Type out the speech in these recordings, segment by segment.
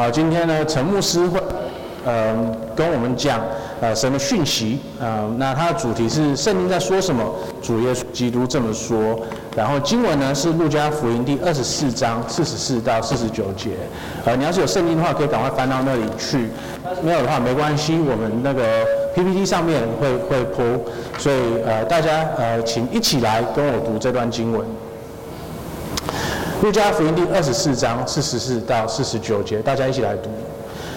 好，今天呢，陳牧師會，呃，跟我們講，呃，什麼訊息？呃，那他的主題是《聖經》在說什麼？主耶穌基督這麼說。然後經文呢是《路加福音》第二十四章四十四到四十九節。呃，你要是有《聖經》的話，可以趕快翻到那裡去。沒有的話沒關係，我們那個 PPT 上面會會播。所以呃，大家呃，請一起來跟我讀這段經文。路加福音第二十四章四十四到四十九節，大家一起來讀。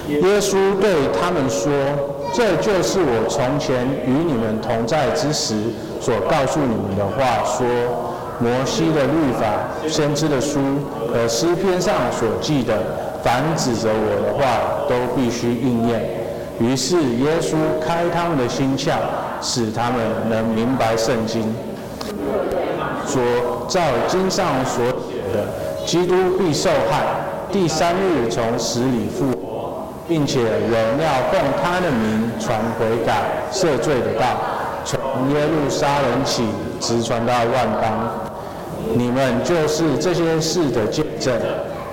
耶穌對他們說：“這就是我從前與你們同在之時所告訴你們的話說，說摩西的律法、先知的書和詩篇上所記的，凡指着我的話，都必須應驗。”於是耶穌開他們的心竅，使他們能明白聖經。說照經上所。基督必受害，第三日從死裡復活，並且人要奉他的名傳悔改、赦罪的道，從耶路撒冷起，直傳到萬邦。你們就是這些事的見證。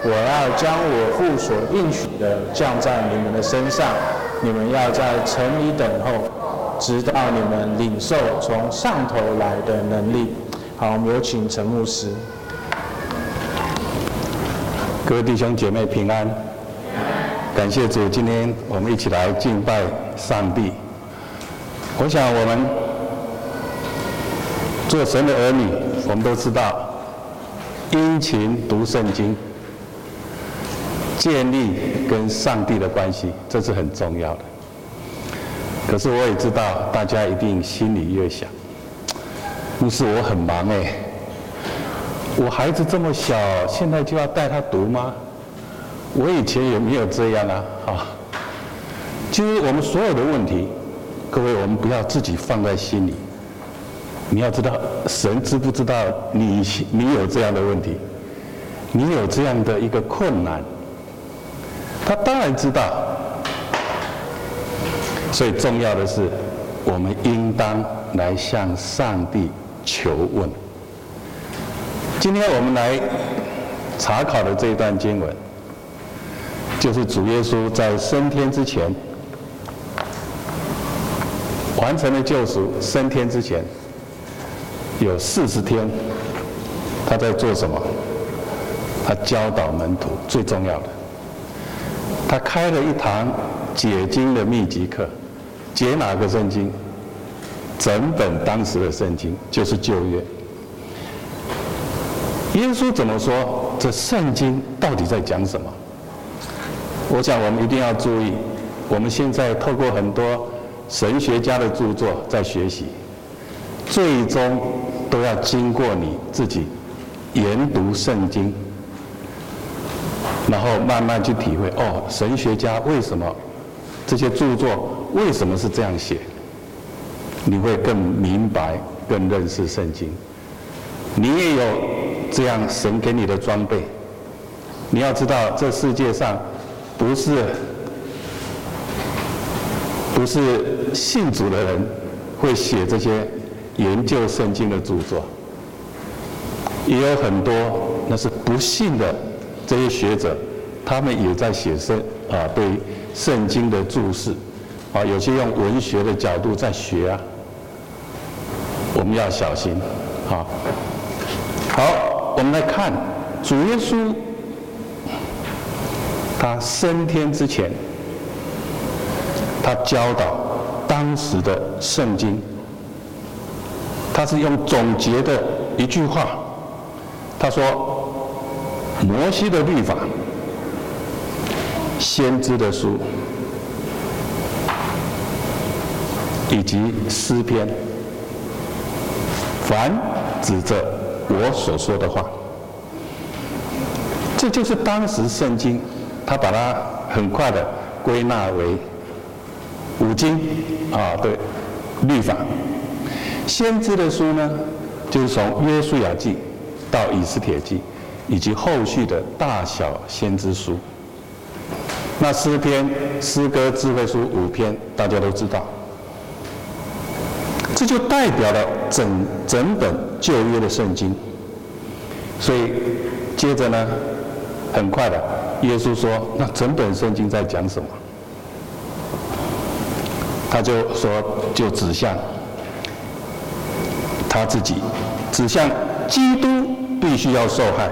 我要將我父所應許的降在你們的身上。你們要在城裡等候，直到你們領受從上頭來的能力。好，我們有請陳牧師。各位弟兄姐妹平安，感謝主！今天我們一起來敬拜上帝。我想我們做神的兒女，我們都知道殷勤讀聖經，建立跟上帝的關係，這是很重要的。可是我也知道，大家一定心裡越想，不是我很忙誒、欸。我孩子這麼小，現在就要帶他讀嗎？我以前也沒有這樣啊。哈、啊，其實我們所有的問題，各位，我們不要自己放在心裡。你要知道，神知不知道你你有這樣的問題，你有這樣的一個困難，他當然知道。所以重要的是，我們應當來向上帝求問。今天我們來查考的這一段經文，就是主耶穌在升天之前完成了救贖，升天之前有四十天，他在做什麼？他教導門徒，最重要的，他開了一堂解經的密集課，解哪個聖經？整本當時的聖經，就是舊約。耶穌怎麼說？這聖經到底在講什麼？我想我們一定要注意，我們現在透過很多神學家的著作在學習，最終都要經過你自己研讀聖經，然後慢慢去體會。哦，神學家為什麼這些著作為什麼是這樣寫？你會更明白、更認識聖經。你也有這樣神給你的裝備，你要知道，這世界上不是，不是信主的人會寫這些研究聖經的著作，也有很多那是不信的這些學者，他們也在寫聖啊，對聖經的注釋啊，有些用文學的角度在學啊，我們要小心啊。好，我們來看主耶穌，他升天之前，他教導當時的聖經，他是用總結的一句話，他說：“摩西的律法、先知的書以及詩篇，凡指著。我所說的話，這就是當時聖經，他把它很快的歸納為五經，啊、哦，對，律法，先知的書呢，就是從《約書亞記》到《以斯帖記》，以及後續的大小先知書。那詩篇、詩歌、智慧書五篇，大家都知道。這就代表了整整本舊約的聖經，所以接着呢，很快的，耶穌說：“那整本聖經在講什麼？”他就說：“就指向他自己，指向基督必須要受害，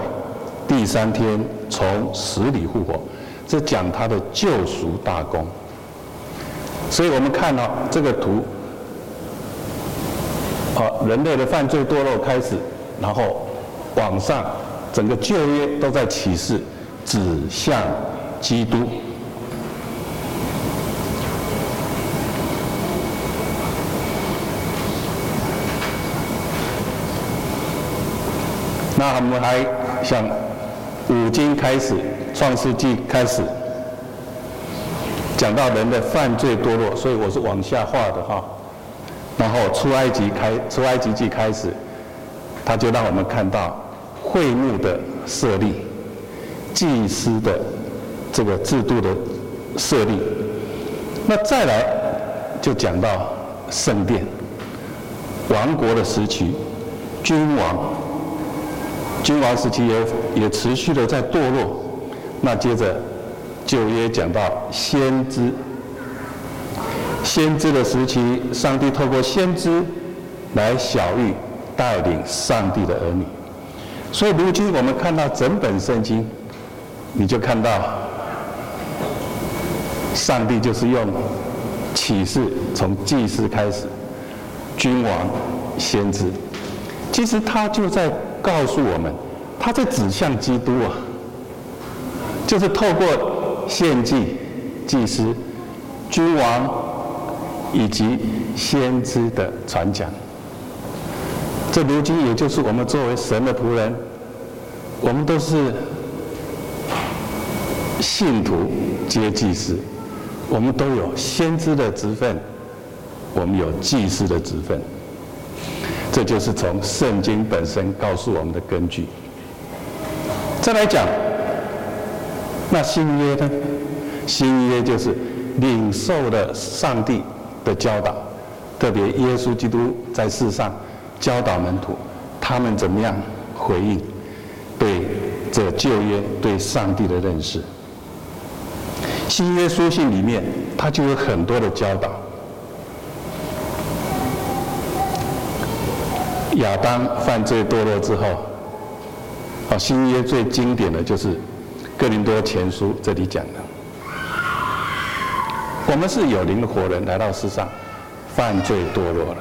第三天從死裡復活，這講他的救贖大功。”所以我們看到、哦、這個圖。好，人類的犯罪墮落開始，然後往上，整個舊約都在啟示，指向基督。那我們還想，五經開始，創世紀開始講到人的犯罪墮落，所以我是往下畫的哈。然後出埃及開出埃及記開始，他就讓我們看到會幕的設立，祭司的這個制度的設立。那再來就講到聖殿，王國的時期，君王，君王時期也也持續的在墮落。那接着就也講到先知。先知的時期，上帝透過先知來曉諭、帶領上帝的兒女。所以，如今我們看到整本聖經，你就看到上帝就是用啟示，從祭司開始，君王、先知，其實他就在告訴我們，他在指向基督啊，就是透過獻祭、祭司、君王。以及先知的傳講，這如今也就是我們作為神的僕人，我們都是信徒皆祭司，我們都有先知的職分，我們有祭司的職分，這就是從聖經本身告訴我們的根據。再來講，那新約呢？新約就是領受了上帝。的教導，特別耶穌基督在世上教導門徒，他們怎麼樣回應對這舊約、對上帝的認識？新約書信裡面，他就有很多的教導。亞當犯罪墮落之後，啊，新約最經典的就是哥林多前書這裡講的。我們是有靈的活人來到世上，犯罪墮落了。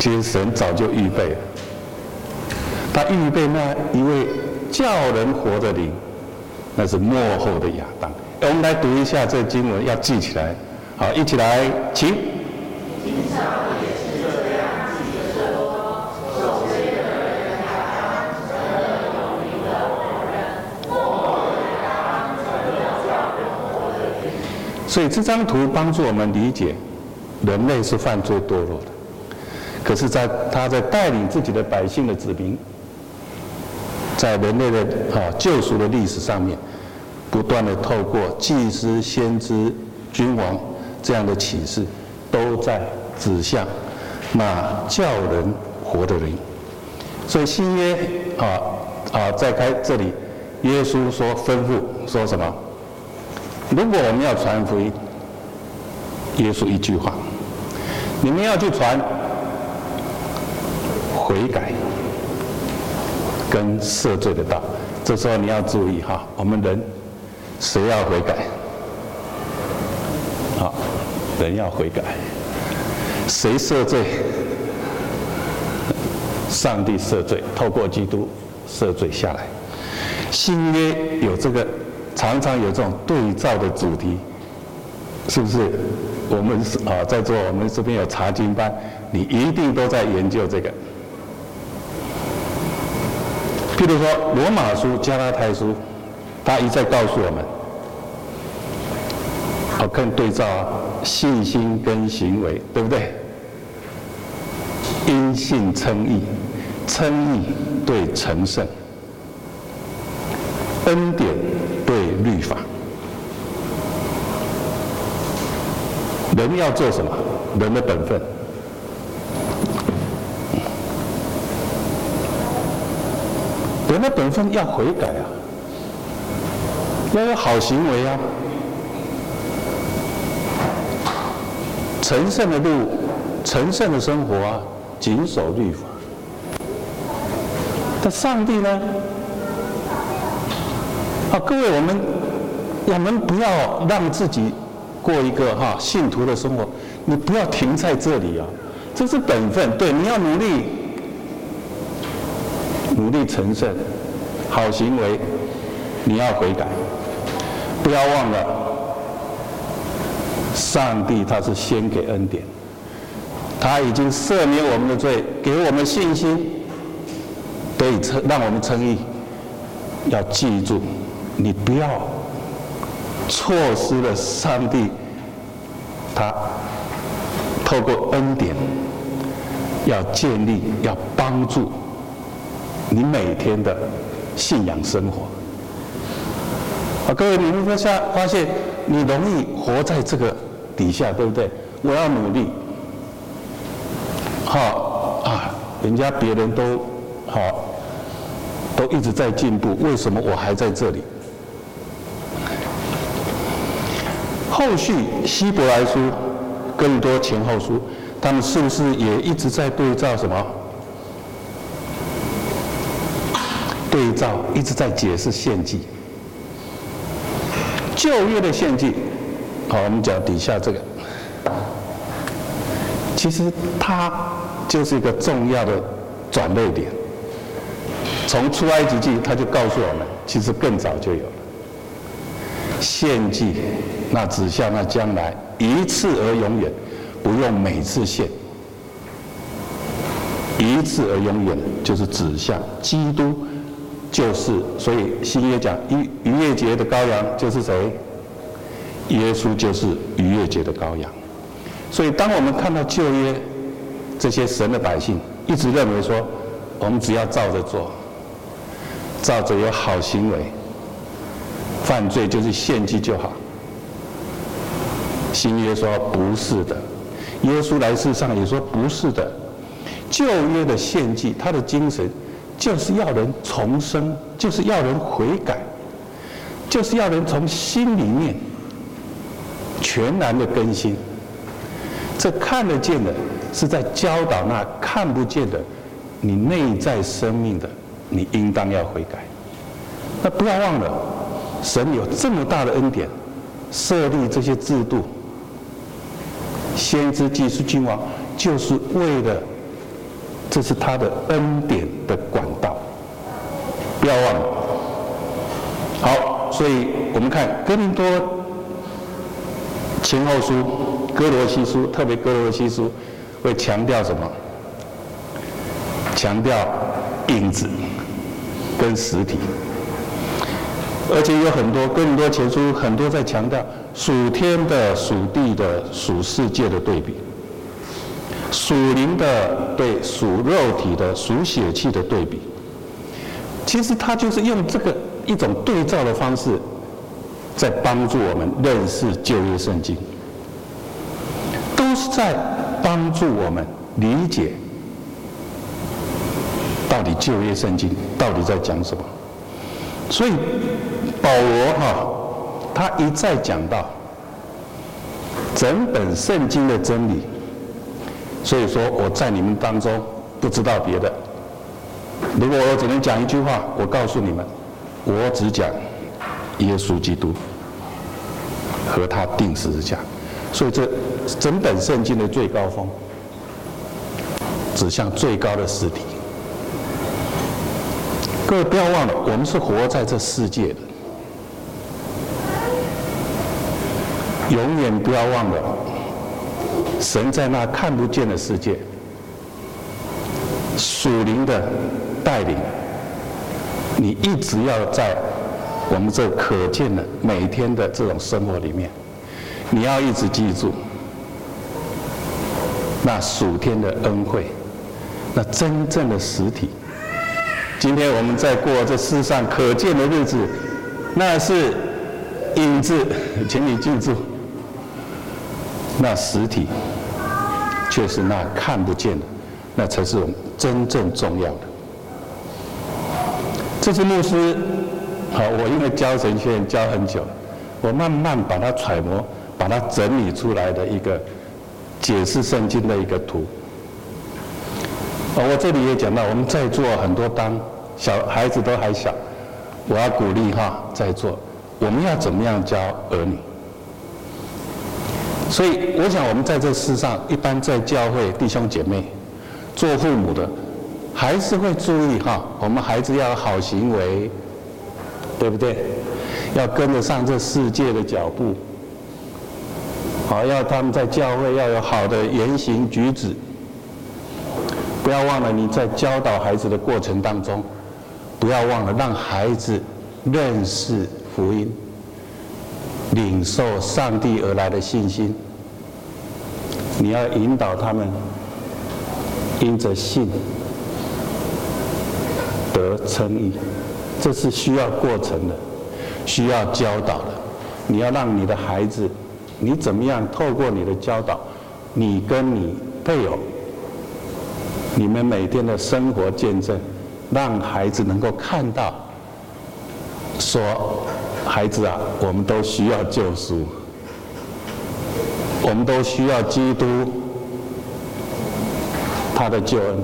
其實神早就預備了，他預備那一位叫人活的靈，那是幕後的亞當。欸，我們來讀一下這經文，要記起來。好，一起來，請。所以這張圖幫助我們理解，人類是犯罪墮落的，可是，在他在帶領自己的百姓的子民，在人類的啊救贖的歷史上面，不斷的透過祭司、先知、君王這樣的啟示，都在指向那叫人活的人。所以新約啊啊，在開這裡，耶穌說吩咐說什麼？如果我們要傳福音，耶穌一句話，你們要去傳悔改跟赦罪的道。這時候你要注意哈，我們人誰要悔改？好，人要悔改，誰赦罪？上帝赦罪，透過基督赦罪下來。新約有這個。常常有這種對照的主題，是不是？我們是啊，在座我們這邊有查經班，你一定都在研究這個。譬如說羅馬書、加拉太書，他一再告訴我們，好，看對照信心跟行為，對不對？因信稱義，稱義對成聖，恩典。律法，人要做什麼？人的本分，人的本分要悔改啊，要有好行為啊，成聖的路，成聖的生活啊，謹守律法。那上帝呢？各位，我們我們不要讓自己過一個哈信徒的生活，你不要停在這裡啊、哦！這是本分，對，你要努力努力成聖，好行為，你要悔改，不要忘了上帝他，是先給恩典，他已經赦免我們的罪，給我們信心，以稱，讓我們稱義，要記住。你不要錯失了上帝，他透過恩典要建立，要幫助你每天的信仰生活。啊，各位，你們會發現發現你容易活在這個底下，對不對？我要努力，好、哦、啊，人家別人都好、哦，都一直在進步，為什麼我還在這裡？後續《希伯來書》更多前後書，他們是不是也一直在對照什麼？對照一直在解釋獻祭，舊約的獻祭。好，我們講底下這個，其實它就是一個重要的轉捩點。從出埃及記，他就告訴我們，其實更早就有了。獻祭，那指向那將來一次而永遠，不用每次獻。一次而永遠就是指向基督，就是，所以新約講逾逾越節的羔羊就是誰？耶穌就是逾越節的羔羊。所以當我們看到舊約這些神的百姓一直認為說，我們只要照着做，照着有好行為。犯罪，就是獻祭就好。新約說不是的，耶穌來世上也說不是的。舊約的獻祭，它的精神就是要人重生，就是要人悔改，就是要人從心裡面全然的更新。這看得見的，是在教導那看不見的，你內在生命的，你應當要悔改。那不要忘了。神有這麼大的恩典，設立這些制度，先知、祭司、君王，就是為了，這是他的恩典的管道，不要忘了。好，所以我們看哥林多前後書、歌羅西書，特別歌羅西書，會強調什麼？強調影子跟實體。而且有很多、更多，前書很多在強調屬天的、屬地的、屬世界的對比，屬靈的對屬肉體的、屬血氣的對比。其實他就是用這個一種對照的方式，在幫助我們認識舊約聖經，都是在幫助我們理解到底舊約聖經到底在講什麼。所以保羅哈、啊，他一再講到整本聖經的真理。所以說，我在你們當中不知道別的，如果我只能講一句話，我告訴你們，我只講耶穌基督和他釘十字架。所以這整本聖經的最高峰，指向最高的實體。各位不要忘了，我們是活在這世界的，永遠不要忘了，神在那看不見的世界屬靈的帶領。你一直要在我們這可見的每天的這種生活裡面，你要一直記住那屬天的恩惠，那真正的實體。今天我們在過這世上可見的日子，那是影子，請你記住，那實體卻是那看不見的，那才是真正重要的。這隻牧師，好，我因為教神學院教很久，我慢慢把它揣摩，把它整理出來的一個解釋聖經的一個圖。我這裡也講到，我們在座很多當小孩子都還小，我要鼓勵哈，在座，我們要怎麼樣教兒女？所以我想，我們在這世上，一般在教會弟兄姐妹，做父母的，還是會注意哈，我們孩子要有好行為，對不對？要跟得上這世界的腳步，好，要他們在教會要有好的言行舉止。不要忘了你在教導孩子的過程當中，不要忘了讓孩子認識福音，領受上帝而來的信心。你要引導他們因着信得稱義，這是需要過程的，需要教導的。你要讓你的孩子，你怎麼樣透過你的教導，你跟你配偶。你們每天的生活見證，讓孩子能夠看到，說孩子啊，我們都需要救贖，我們都需要基督他的救恩，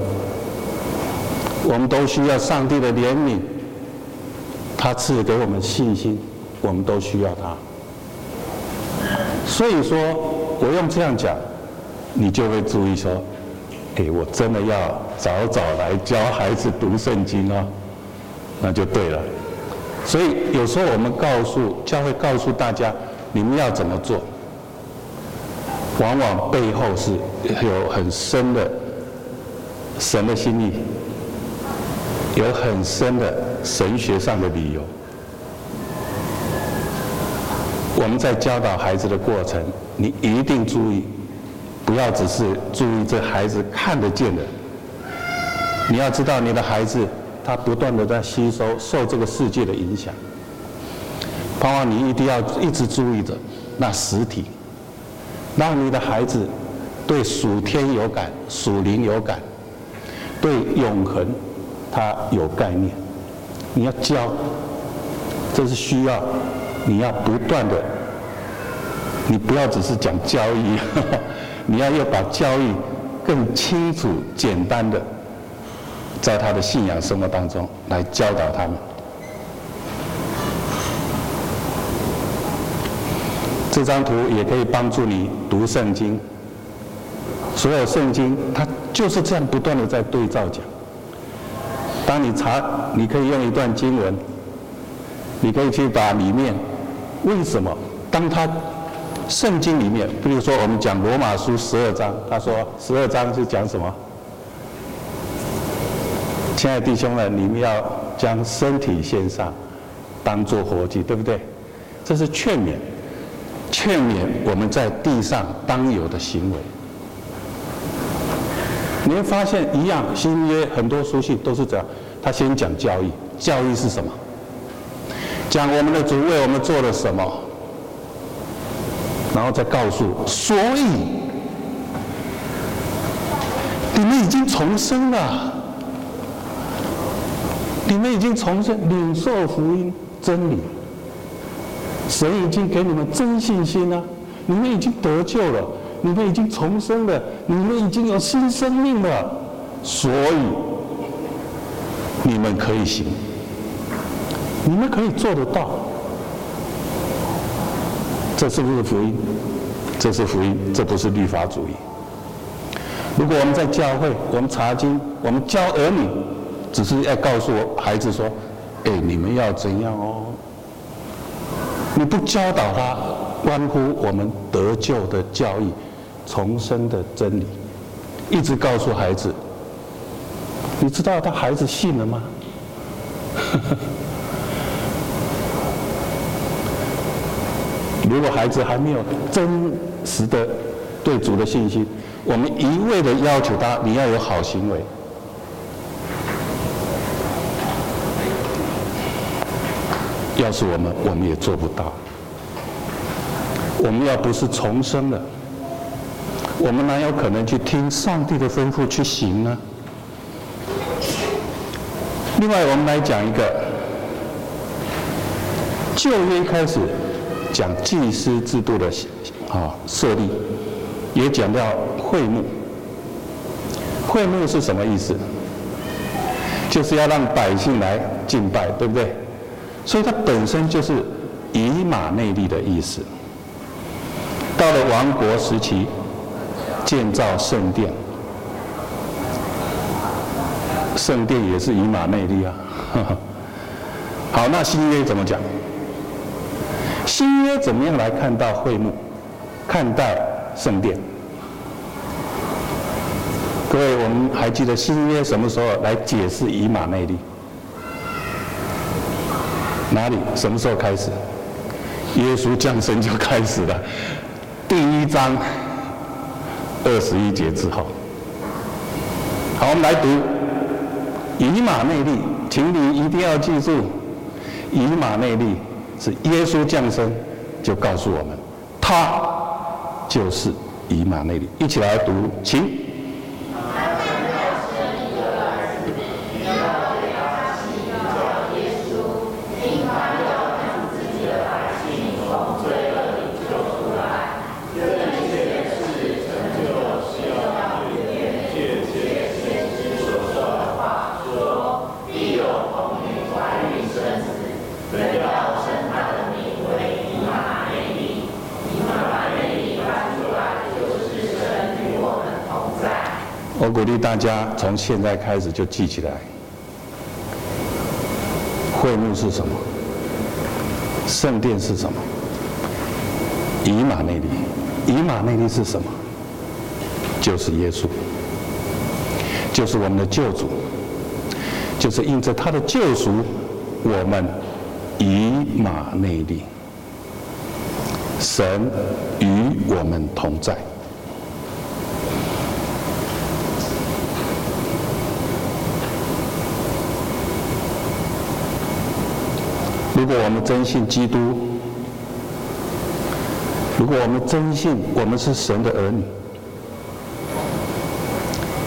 我們都需要上帝的憐憫，他賜給我們信心，我們都需要他。所以說，我用這樣講，你就會注意說。哎，我真的要早早來教孩子讀聖經哦，那就對了。所以有時候我們告訴教會，告訴大家，你們要怎麼做，往往背後是有很深的神的心意，有很深的神學上的理由。我們在教導孩子的過程，你一定注意，不要只是注意這孩子看得見的，你要知道你的孩子他不斷的在吸收受這個世界的影響，包括你一定要一直注意着那實體，讓你的孩子對屬天有感，屬靈有感，對永恆他有概念，你要教，這是需要，你要不斷的，你不要只是講教義。呵呵你要要把教義更清楚、簡單的，在他的信仰生活當中來教導他們。這張圖也可以幫助你讀聖經。所有聖經它就是這樣不斷的在對照講。當你查，你可以用一段經文，你可以去把裡面為什麼當他。聖經裡面，比如說我們講羅馬書十二章，他說十二章是講什麼？親愛的弟兄們，你們要將身體獻上，當作活祭，對不對？這是勸勉，勸勉我們在地上當有的行為。你會發現一樣，新約很多書信都是這樣，他先講教義，教義是什麼？講我們的主為我們做了什麼？然後再告訴，所以你們已經重生了，你們已經重生，領受福音真理，神已經給你們真信心了，你們已經得救了，你們已經重生了，你們已經有新生命了，所以你們可以行，你們可以做得到。這是不是福音？這是福音，這不是律法主義。如果我們在教會，我們查經，我們教兒女，只是要告訴孩子說：“哎、欸，你們要怎樣哦？”你不教導他關乎我們得救的教義、重生的真理，一直告訴孩子，你知道他孩子信了嗎？ 如果孩子還沒有真實的對主的信心，我們一味的要求他，你要有好行為，要是我們，我們也做不到。我們要不是重生了，我們哪有可能去聽上帝的吩咐去行呢？另外，我們來講一個舊約一開始。講祭司制度的啊設立，也講到會幕。會幕是什麼意思？就是要讓百姓來敬拜，對不對？所以它本身就是以馬內利的意思。到了王國時期，建造聖殿，聖殿也是以馬內利啊，哈哈。好，那新約怎麼講？新約怎麼樣來看待會幕，看待聖殿？各位，我們還記得新約什麼時候來解釋以馬內利？哪裡？什麼時候開始？耶穌降生就開始了，第一章二十一節之後。好，我們來讀以馬內利，請你一定要記住以馬內利。是耶穌降生，就告訴我們，他就是以馬內利。一起來讀，請。我鼓勵大家從現在開始就記起來：會幕是什麼？聖殿是什麼？以馬內利，以馬內利是什麼？就是耶穌，就是我們的救主，就是因着他的救贖，我們以馬內利，神與我們同在。如果我們真信基督，如果我們真信我們是神的兒女，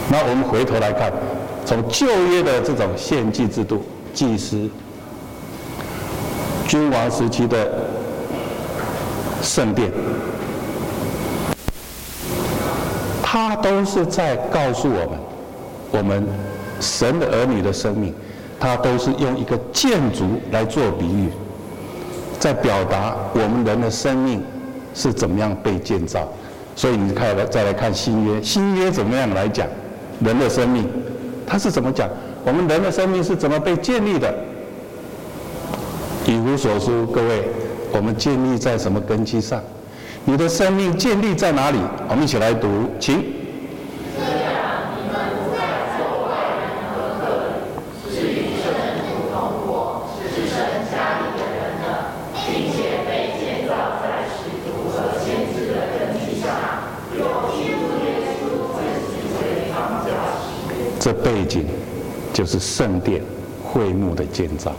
那我們回頭來看，從舊約的這種獻祭制度、祭司、君王時期的聖殿，他都是在告訴我們，我們神的兒女的生命。他都是用一個建築來做比喻，在表達我們人的生命是怎麼樣被建造。所以你看，來再來看新約，新約怎麼樣來講人的生命？他是怎麼講？我們人的生命是怎麼被建立的？以弗所書，各位，我們建立在什麼根基上？你的生命建立在哪裡？我們一起來讀，請。這背景就是聖殿會幕的建造，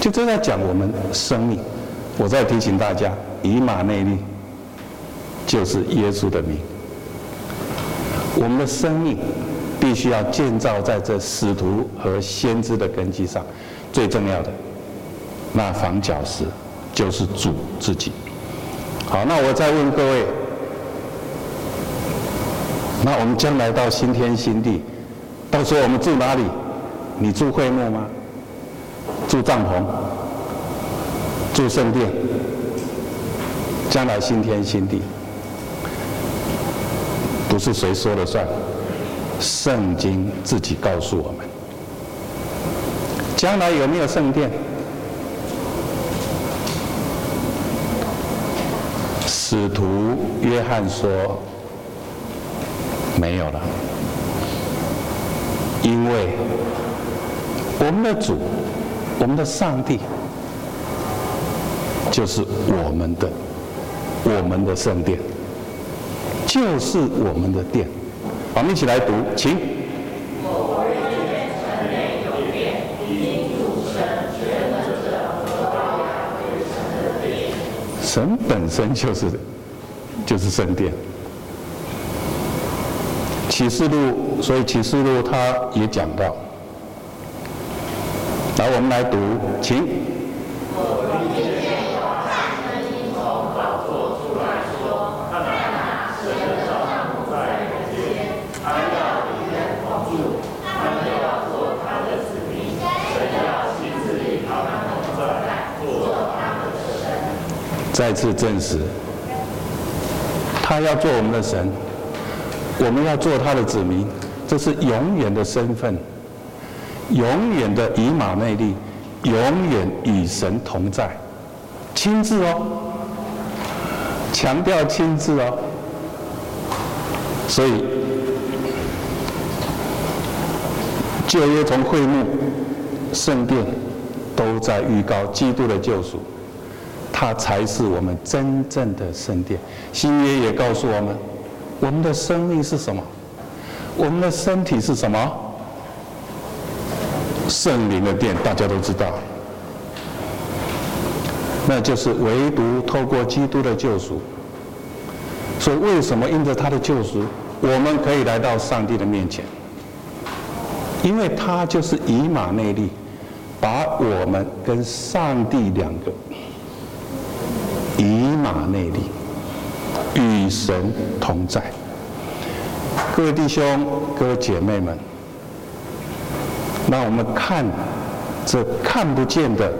就正在講我們生命。我再提醒大家，以馬內利就是耶穌的名。我們的生命必須要建造在這使徒和先知的根基上，最重要的那房角石就是主自己。好，那我再問各位。那我們將來到新天新地，到時候我們住哪裡？你住會幕嗎？住帳篷？住聖殿？將來新天新地不是誰說了算，聖經自己告訴我們，將來有沒有聖殿？使徒約翰說。沒有了，因為我們的主，我們的上帝，就是我們的，我們的聖殿，就是我們的殿。我們一起來讀，請。神本身就是，就是聖殿。啟示錄，所以啟示錄他也講到。來，我們來讀。請。再次證實，他要做我們的神。我們要做他的子民，這是永遠的身份，永遠的以馬內利，永遠與神同在，親自哦，強調親自哦。所以舊約從會幕、聖殿都在預告基督的救贖，他才是我們真正的聖殿。新約也告訴我們。我們的生命是什麼？我們的身體是什麼？聖靈的殿，大家都知道，那就是唯獨透過基督的救贖。所以，為什麼因着他的救贖，我們可以來到上帝的面前？因為他就是以馬內利，把我們跟上帝兩個以馬內利。與神同在，各位弟兄、各位姐妹們，那我們看這看不見的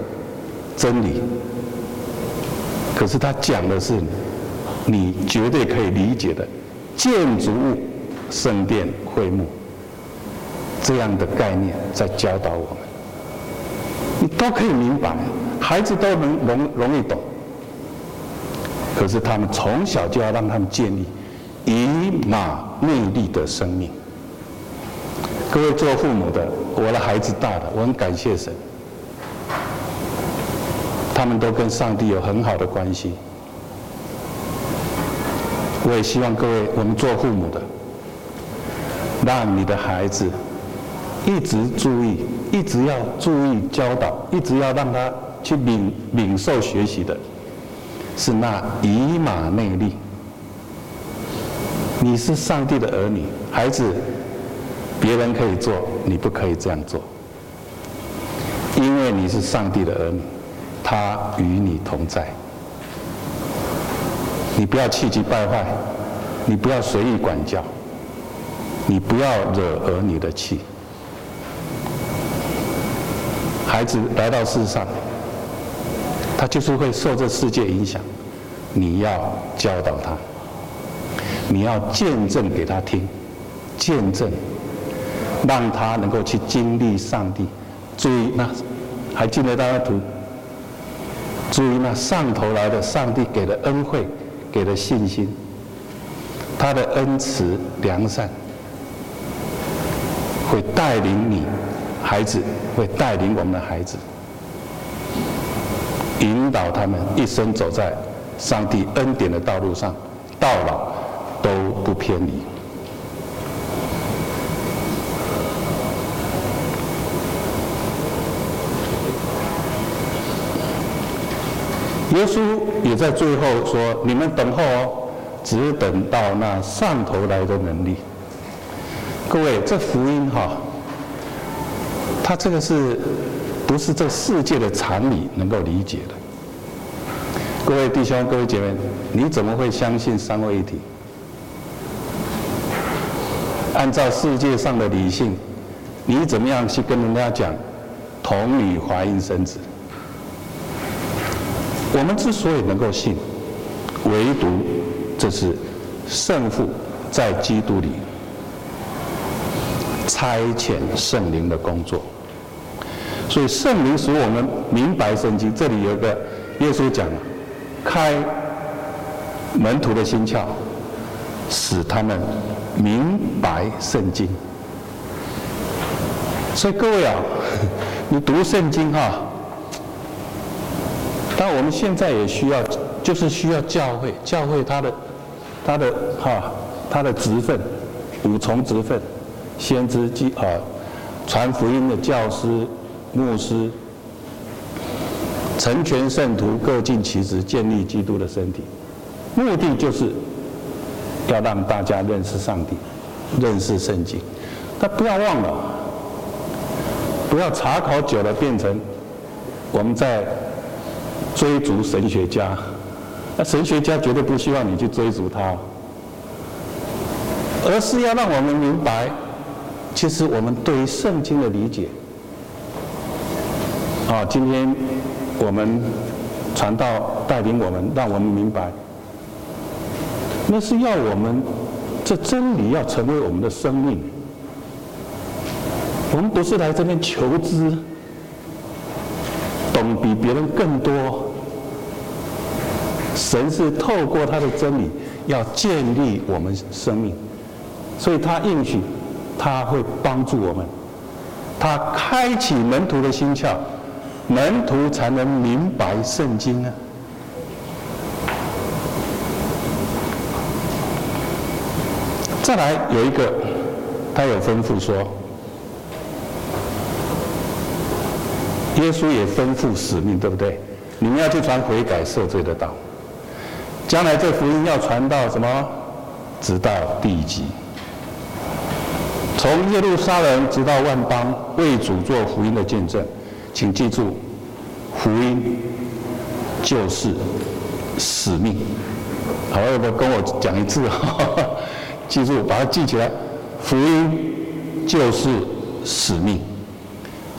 真理，可是他講的是你，你絕對可以理解的建築物、聖殿、會幕這樣的概念，在教導我們，你都可以明白，孩子都能容容易懂。可是他們從小就要讓他們建立以馬內利的生命。各位做父母的，我的孩子大了，我很感謝神，他們都跟上帝有很好的關係。我也希望各位我們做父母的，讓你的孩子一直注意，一直要注意教導，一直要讓他去領領受學習的。是那以馬內利。你是上帝的兒女，孩子，別人可以做，你不可以這樣做，因為你是上帝的兒女，他與你同在。你不要氣急敗壞，你不要隨意管教，你不要惹兒女的氣。孩子來到世上。他就是會受這世界影響，你要教導他，你要見證給他聽，見證，讓他能夠去經歷上帝。注意那，還記得那張圖？注意那上頭來的上帝給的恩惠，給的信心，他的恩慈良善，會帶領你，孩子會帶領我們的孩子。引導他們一生走在上帝恩典的道路上，到老都不偏離。耶穌也在最後說：“你們等候哦，只等到那上頭來的能力。”各位，這福音哈，他這個是。不是這世界的常理能夠理解的。各位弟兄、各位姐妹，你怎麼會相信三位一體？按照世界上的理性，你怎麼樣去跟人家講童女懷孕生子？我們之所以能夠信，唯獨這是聖父在基督裡差遣聖靈的工作。所以聖靈使我們明白聖經。這裡有個耶穌講，開門徒的心竅，使他們明白聖經。所以各位啊，你讀聖經哈、啊，但我們現在也需要，就是需要教會，教會他的他的哈、啊，他的職份，五重職份，先知及啊、呃，傳福音的教師。牧師，成全聖徒，各盡其職，建立基督的身體，目的就是要讓大家認識上帝、認識聖經。但不要忘了，不要查考久了變成我們在追逐神學家。那神學家絕對不希望你去追逐他，而是要讓我們明白，其實我們對於聖經的理解。啊，今天我們傳道帶領我們，讓我們明白，那是要我們這真理要成為我們的生命。我們不是來這邊求知，懂比別人更多。神是透過他的真理要建立我們生命，所以他應許，他會幫助我們，他開啟門徒的心竅。門徒才能明白聖經啊！再來有一個，他有吩咐說，耶穌也吩咐使命，對不對？你們要去傳悔改赦罪的道，將來這福音要傳到什麼？直到地極，從耶路撒冷直到萬邦，為主做福音的見證。請記住，福音就是使命。好好的跟我講一次， 記住，把它記起來。福音就是使命，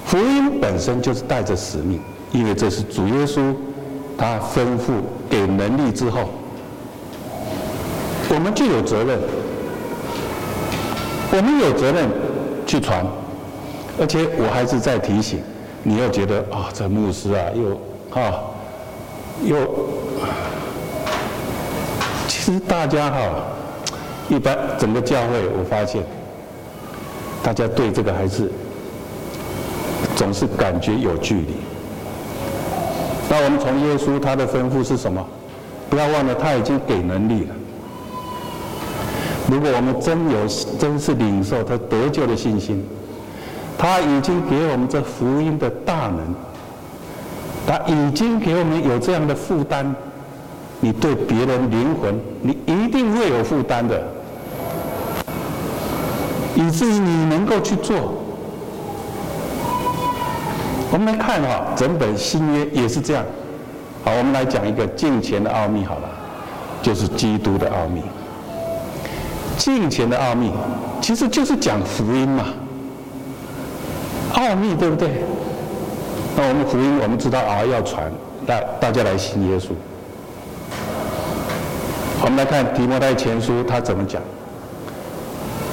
福音本身就是帶着使命，因為這是主耶穌他吩咐給能力之後，我們就有責任，我們有責任去傳，而且我還是在提醒。你要覺得啊、哦，這牧師啊，又啊、哦，又，其實大家哈、哦，一般整個教會，我發現，大家對這個還是總是感覺有距離。那我們從耶穌他的吩咐是什麼？不要忘了，他已經給能力了。如果我們真有，真是領受他得救的信心。他已經給我們這福音的大能，他已經給我們有這樣的負擔，你對別人靈魂，你一定會有負擔的，以至於你能夠去做。我們來看哈、哦，整本新約也是這樣。好，我們來講一個敬虔的奧秘好了，就是基督的奧秘。敬虔的奧秘，其實就是講福音嘛。奧秘對不對？那我們福音，我們知道啊，要傳，來大家來信耶穌。我們來看提摩太前書，他怎麼講？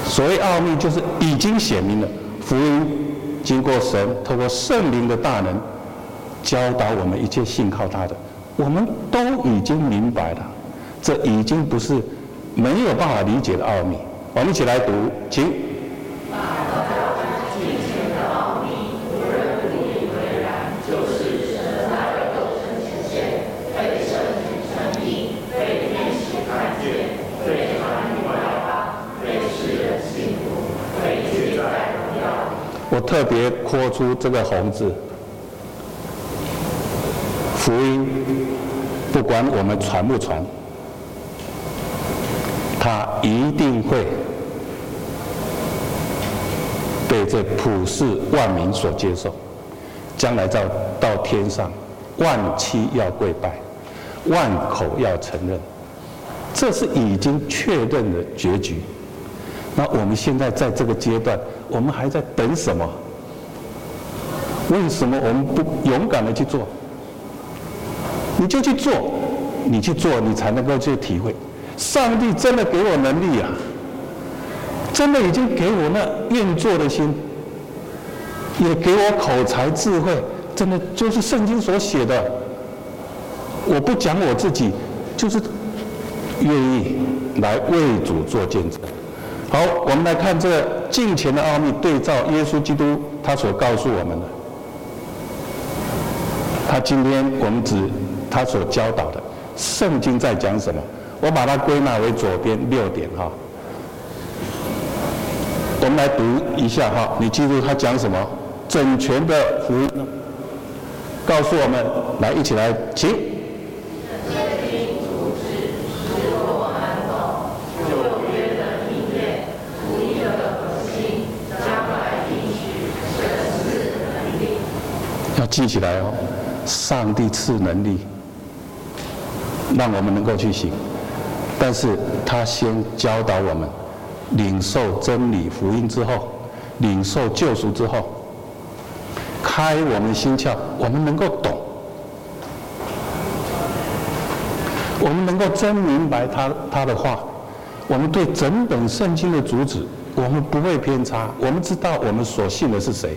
所謂奧秘，就是已經顯明了，福音經過神，透過聖靈的大能，教導我們一切信靠他的，我們都已經明白了。這已經不是沒有辦法理解的奧秘。我們一起來讀，請。我特別括出這個「紅字」，福音不管我們傳不傳，他一定會被這普世萬民所接受。將來到到天上，萬膝要跪拜，萬口要承認，這是已經確認的結局。那我們現在在這個階段，我們還在等什麼？為什麼我們不勇敢地去做？你就去做，你去做，你才能夠去體會。上帝真的給我能力啊，真的已經給我那願做的心，也給我口才智慧，真的就是聖經所寫的。我不講我自己，就是願意來為主做見證。好，我們來看這敬虔的奧秘，對照耶穌基督他所告訴我們的，他今天我們指他所教導的聖經在講什麼？我把它歸納為左邊六點哈。我們來讀一下哈，你記住他講什麼？整全的福音告訴我們，來一起來，請。記起來哦，上帝賜能力，讓我們能夠去行，但是他先教導我們，領受真理福音之後，領受救贖之後，開我們的心竅，我們能夠懂，我們能夠真明白他他的話。我們對整本聖經的主旨，我們不會偏差。我們知道我們所信的是誰。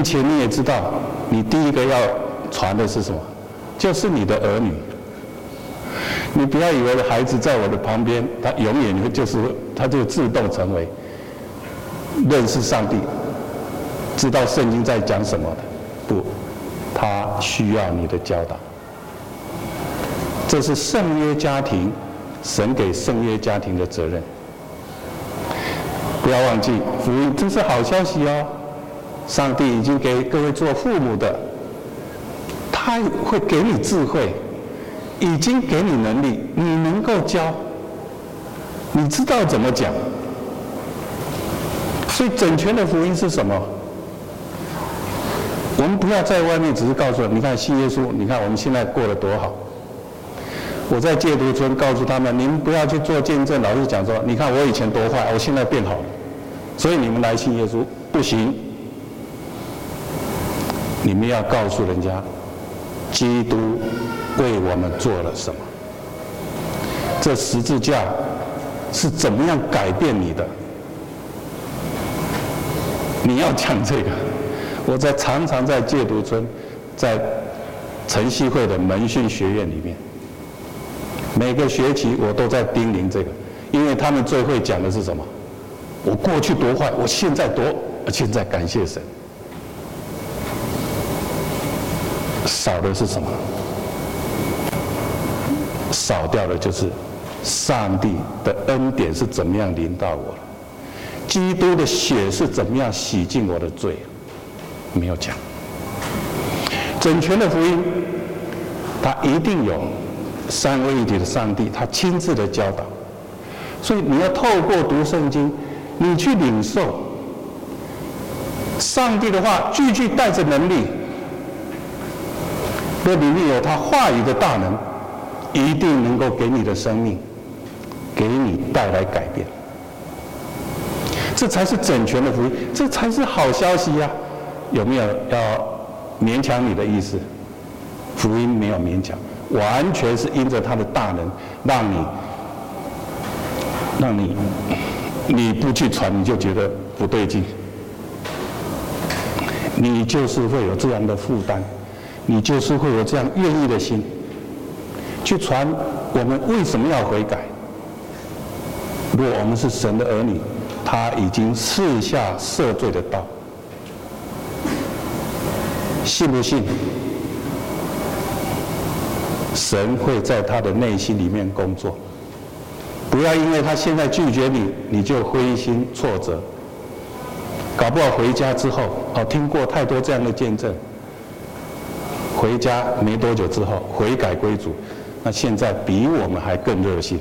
而且你也知道，你第一個要傳的是什麼？就是你的兒女。你不要以為孩子在我的旁邊，他永遠就是他就自動成為認識上帝、知道聖經在講什麼的。不，他需要你的教導。這是聖約家庭神給聖約家庭的責任。不要忘記，福音，這是好消息哦。上帝已經給各位做父母的，他會給你智慧，已經給你能力，你能夠教，你知道怎麼講。所以整全的福音是什麼？我們不要在外面只是告訴你看信耶穌，你看我們現在過得多好。我在戒毒村告訴他們，你們不要去做見證，老是講說，你看我以前多壞，我現在變好了，所以你們來信耶穌，不行。你們要告訴人家，基督為我們做了什麼？這十字架是怎麼樣改變你的？你要講這個。我在常常在戒毒村，在晨曦會的門訓學院裡面，每個學期我都在叮嚀這個，因為他們最會講的是什麼？我過去多壞，我現在多，我現在感謝神。少的是什麼？少掉的就是上帝的恩典是怎麼樣臨到我，基督的血是怎麼樣洗淨我的罪，沒有講。整全的福音，他一定有三位一體的上帝，他親自的教導。所以你要透過讀聖經，你去領受上帝的話，句句帶着能力。這裡面有他話語的大能，一定能夠給你的生命，給你帶來改變。這才是整全的福音，這才是好消息呀、啊！有沒有要勉強你的意思？福音沒有勉強，完全是因着他的大能，讓你，讓你，你不去傳你就覺得不對勁，你就是會有這樣的負擔。你就是會有這樣願意的心，去傳。我們為什麼要悔改？如果我們是神的兒女，他已經賜下赦罪的道，信不信？神會在他的內心裡面工作。不要因為他現在拒絕你，你就灰心挫折。搞不好回家之後，哦，聽過太多這樣的見證。回家沒多久之後，悔改歸主，那現在比我們還更熱心。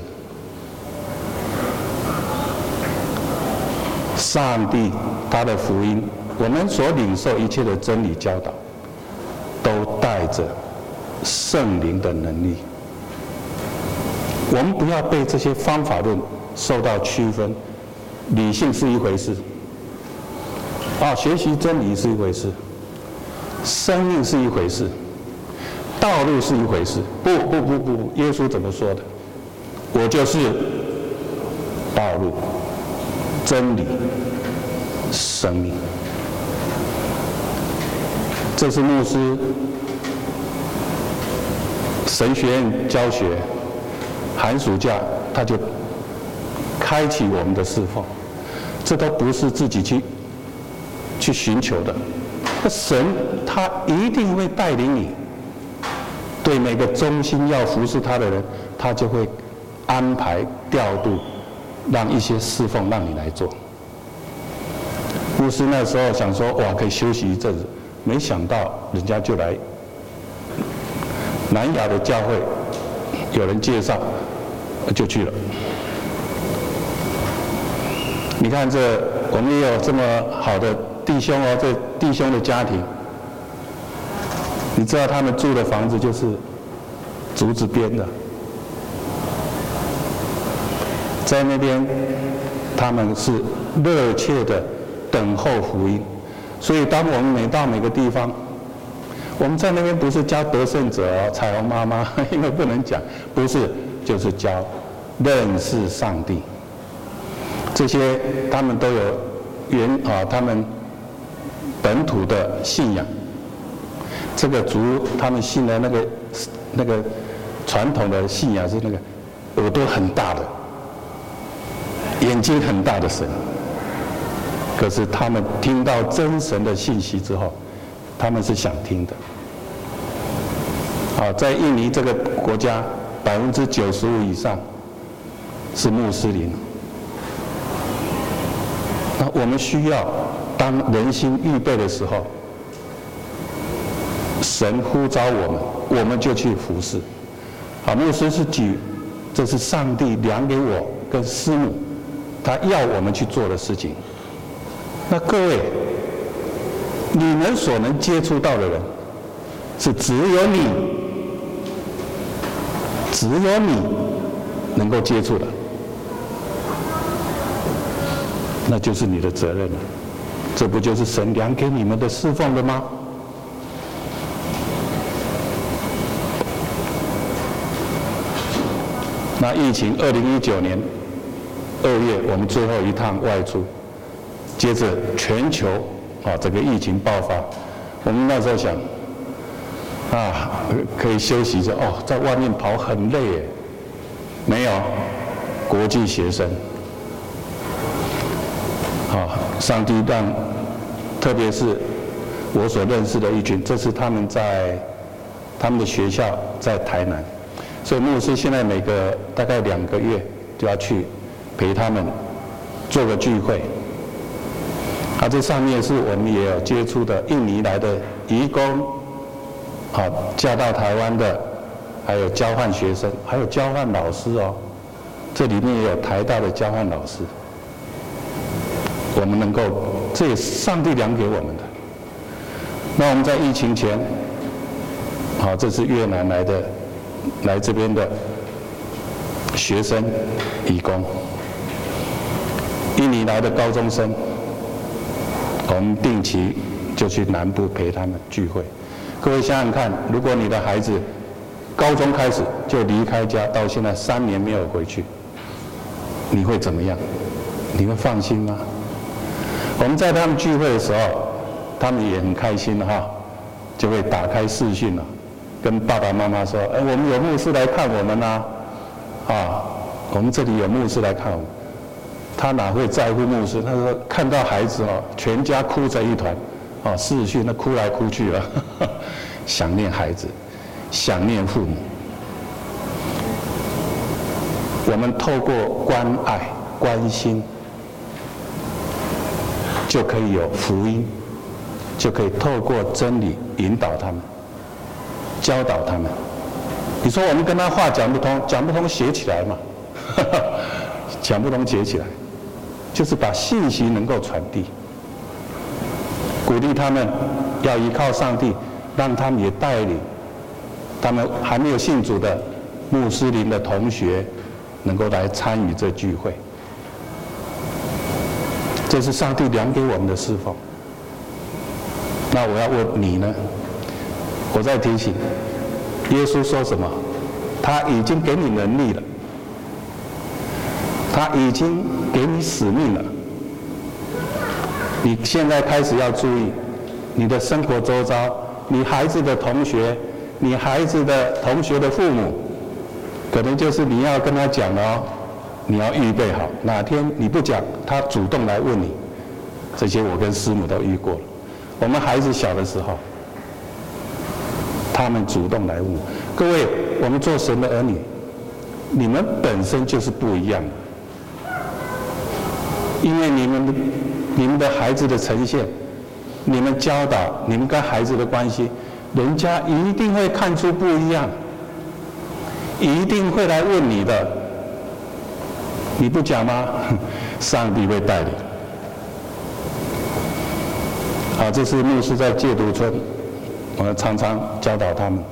上帝他的福音，我們所領受一切的真理教導，都帶着聖靈的能力。我們不要被這些方法論受到區分，理性是一回事，啊、哦，學習真理是一回事，生命是一回事，道路是一回事。不不不不不，耶穌怎麼說的？我就是道路、真理、生命。這是牧師神學院教學，寒暑假他就開啟我們的侍奉，這都不是自己去去尋求的。那神他一定會帶領你，對每個忠心要服侍他的人，他就會安排調度，讓一些侍奉讓你來做。牧師那時候想說，哇，可以休息一陣子，沒想到人家就來南亞的教會，有人介紹就去了。你看這，我們也有這麼好的。弟兄啊、喔，這弟兄的家庭，你知道他們住的房子就是竹子編的，在那邊他們是熱切的等候福音，所以當我們每到每個地方，我們在那邊不是教得勝者、啊、哦，彩虹媽媽，因為不能講，不是就是教認識上帝，這些他們都有原啊，他們。本土的信仰，這個族他們信的那個那個傳統的信仰是那個耳朵很大的、眼睛很大的神。可是他們聽到真神的信息之後，他們是想聽的。好，在印尼這個國家，百分之九十五以上是穆斯林。那我們需要。當人心預備的時候，神呼召我們，我們就去服侍。好，沒有說是舉，這是上帝量給我跟師母，他要我們去做的事情。那各位，你們所能接觸到的人，是只有你，只有你能夠接觸的，那就是你的責任了。這不就是神量給你們的侍奉的嗎？那疫情二零一九年二月，我們最後一趟外出，接着全球啊、哦、這個疫情爆發，我們那時候想啊，可以休息一下哦，在外面跑很累哎，沒有國際學生，好、哦，上帝讓。特別是我所認識的一群，這是他們在他們的學校在台南，所以牧師現在每隔大概兩個月就要去陪他們做個聚會。啊這上面是我們也有接觸的印尼來的移工，好、哦、嫁到台灣的，還有交換學生，還有交換老師哦。這裡面也有台大的交換老師，我們能夠。這也是上帝量給我們的。那我們在疫情前，好，這是越南來的，來這邊的學生、移工，印尼來的高中生，我們定期就去南部陪他們聚會。各位想想看，如果你的孩子高中開始就離開家，到現在三年沒有回去，你會怎麼樣？你會放心嗎？我們在他們聚會的時候，他們也很開心哈，就會打開視訊了，跟爸爸媽媽說：“哎、欸，我們有牧師來看我們吶、啊，啊，我們這裡有牧師來看我。”他哪會在乎牧師？他說：“看到孩子哦，全家哭成一團，啊，視訊那哭來哭去啊，想念孩子，想念父母。”我們透過關愛、關心。就可以有福音，就可以透過真理引導他們，教導他們。你說我們跟他話講不通，講不通寫起來嘛，呵呵，講不通寫起來，就是把信息，能夠傳遞，鼓勵他們要依靠上帝，讓他們也帶領他們還沒有信主的穆斯林的同學，能夠來參與這聚會。這是上帝量給我們的侍奉。那我要問你呢？我再提醒，耶穌說什麼？他已經給你能力了，他已經給你使命了。你現在開始要注意，你的生活周遭，你孩子的同學，你孩子的同學的父母，可能就是你要跟他講哦。你要預備好，哪天你不講，他主動來問你。這些我跟師母都遇過了。我們孩子小的時候，他們主動來問。各位，我們做神的兒女，你們本身就是不一樣的，因為你們、你們的孩子的呈現，你們教導、你們跟孩子的關係，人家一定會看出不一樣，一定會來問你的。你不講嗎？上帝會帶領。好，這是牧師在戒毒村，我們常常教導他們。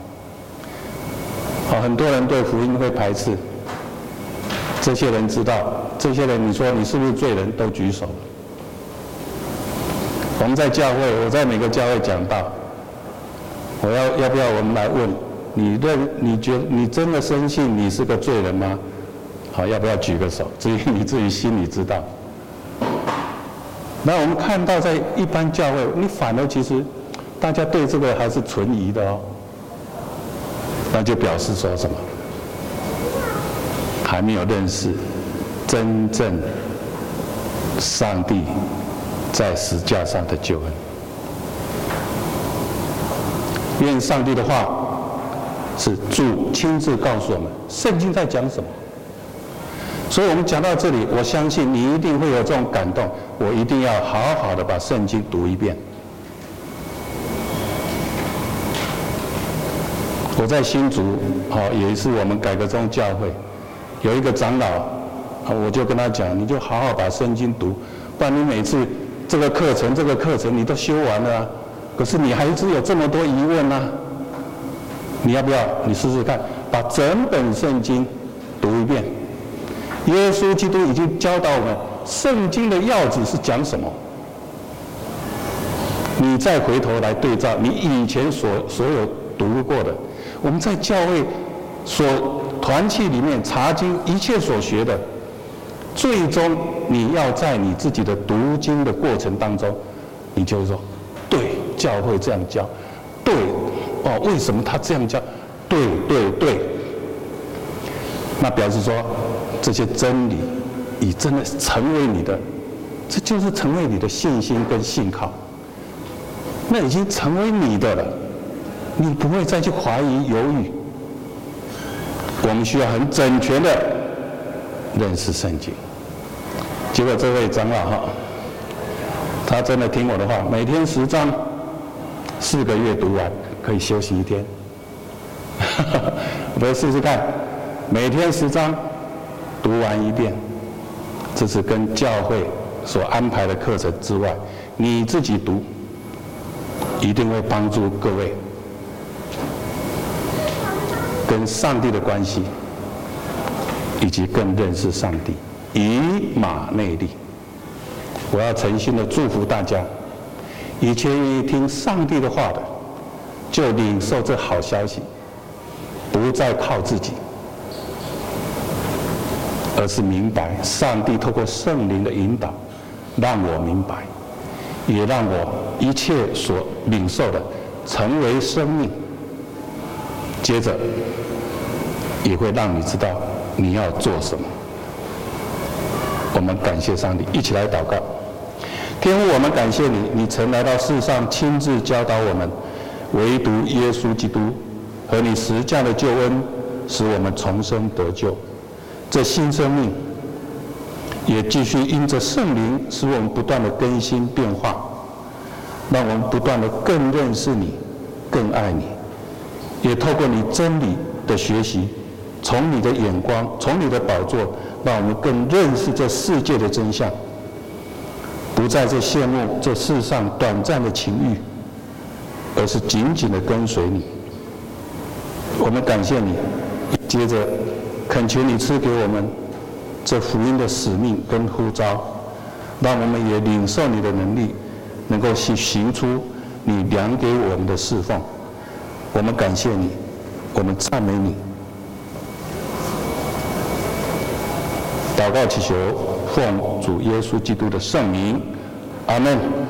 好，很多人對福音會排斥。這些人知道，這些人，你說你是不是罪人？都舉手了。我們在教會，我在每個教會講道，我要要不要我們來問你認？你覺你真的深信你是個罪人嗎？好，要不要舉個手？只有你自己心裡知道。那我們看到，在一般教會，你反而其實，大家對這個還是存疑的哦。那就表示說什麼？還沒有認識真正上帝在十架上的救恩。因為上帝的話是主親自告訴我們，聖經在講什麼。所以我們講到這裡，我相信你一定會有這種感動。我一定要好好的把聖經讀一遍。我在新竹，好、哦，有一次我們改革宗教會，有一個長老，我就跟他講：“你就好好把聖經讀，不然你每次這個課程、這個課程你都修完了、啊，可是你還是有這麼多疑問呢、啊？你要不要？你試試看，把整本聖經讀一遍。”耶穌基督已經教導我們，聖經的要旨是講什麼？你再回頭來對照你以前所所有讀過的，我們在教會所團契裡面查經一切所學的，最終你要在你自己的讀經的過程當中，你就是說，對教會這樣教，對，哦，為什麼他這樣教？對對對，對，那表示說。這些真理，已真的成為你的，這就是成為你的信心跟信靠。那已經成為你的了，你不會再去懷疑猶豫。我們需要很準確的認識聖經。結果這位長老哈，他真的聽我的話，每天十章，四個月讀完，可以休息一天。 我試試看，每天十章。讀完一遍，這是跟教會所安排的課程之外，你自己讀，一定會幫助各位跟上帝的關係，以及更認識上帝，以馬內利。我要誠心的祝福大家，以前願意聽上帝的話的，就領受這好消息，不再靠自己。而是明白，上帝透過聖靈的引導，讓我明白，也讓我一切所領受的成為生命。接着，也會讓你知道你要做什麼。我們感謝上帝，一起來禱告。天父，我們感謝你，你曾來到世上親自教導我們，唯獨耶穌基督和你十架的救恩，使我們重生得救。這新生命也繼續因着聖靈，使我們不斷的更新變化，讓我們不斷的更認識你，更愛你，也透過你真理的學習，從你的眼光，從你的寶座，讓我們更認識這世界的真相，不再是羨慕這世上短暫的情欲，而是緊緊的跟隨你。我們感謝你，接着。懇求你賜給我們這福音的使命跟呼召，讓我們也領受你的能力，能夠行行出你量給我們的侍奉。我們感謝你，我們讚美你。禱告祈求，奉主耶穌基督的聖名，阿門。